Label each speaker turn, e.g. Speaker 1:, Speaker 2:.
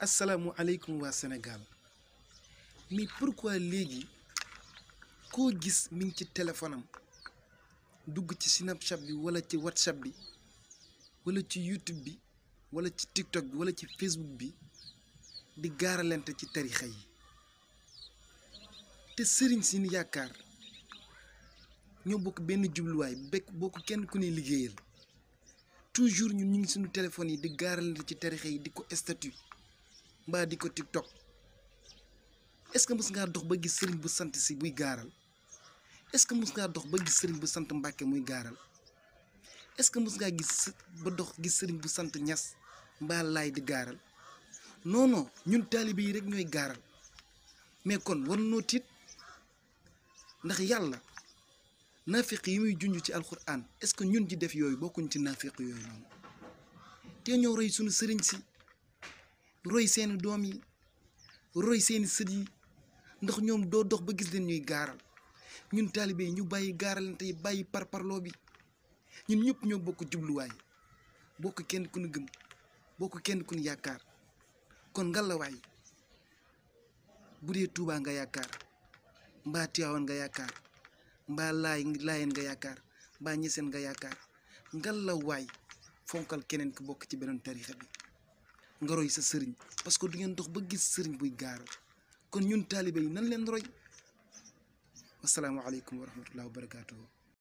Speaker 1: asalaamualeykum waa Sénégal mais pourquoi léegi koo gis mi ngi ci telefonam dugg ci Snapchat bi walla ci WhatsApp bi wala ci YouTube bi wala ci TikTok bi wala ci Facebook bi di gaaralante ci tarixa yi te sëriñ si ni yaakaar ñoo bokk benn jubluwaay bekk bokk kenn ku ne liggéeyal toujours ñun ñu ngi suñu telefon yi di gaaralante ci tarixa yi di ko statut mbaa di ko tiktok est-ce que mës ngaa dox ba gis sëriñ bu sant si buy gaaral est-ce que mës ngaa dox ba gis bu sant Mbàkke muy gaaral est-ce que mës ngaa gis ba dox gis sëriñ bu sant ñas mbaa laay di gaaral non ñun taalibe yi rek ñooy gaaral mais kon war noo tiit ndax yàlla naafiq yi muy junj ci alxuraan est-ce que ñun di def yooyu bokkuñ ci naafiq yooyu noonu te ñoo roy suñu sëriñ si roy seeni doom yi roy seeni sët yi ndax ñoom doo dox ba gis leen ñuy gaaral ñun taalibe yi ñu bàyyi gaaralante yi bàyyi parloo bi ñun ñëpp ñoo bokk jubluwaay bokk kenn ku ñu gëm bokk kenn ku ñu yaakaar kon ngalawaay bu dee Tuubaa nga yaakaar mbaa Tiwaawan nga yaakaar mbaa laay laayeen nga yaakaar mbaa ñeseen nga yaakaar ngalawaay fonkal keneen ku bokk ci beneen tarixa bi nga roy sa sëriñ parce que du ngeen dox ba gis sëriñ buy gaar kon ñun taalibe yi nan leen roy wasalaamaaleykum wa rahmatullahi wa barakaatuhu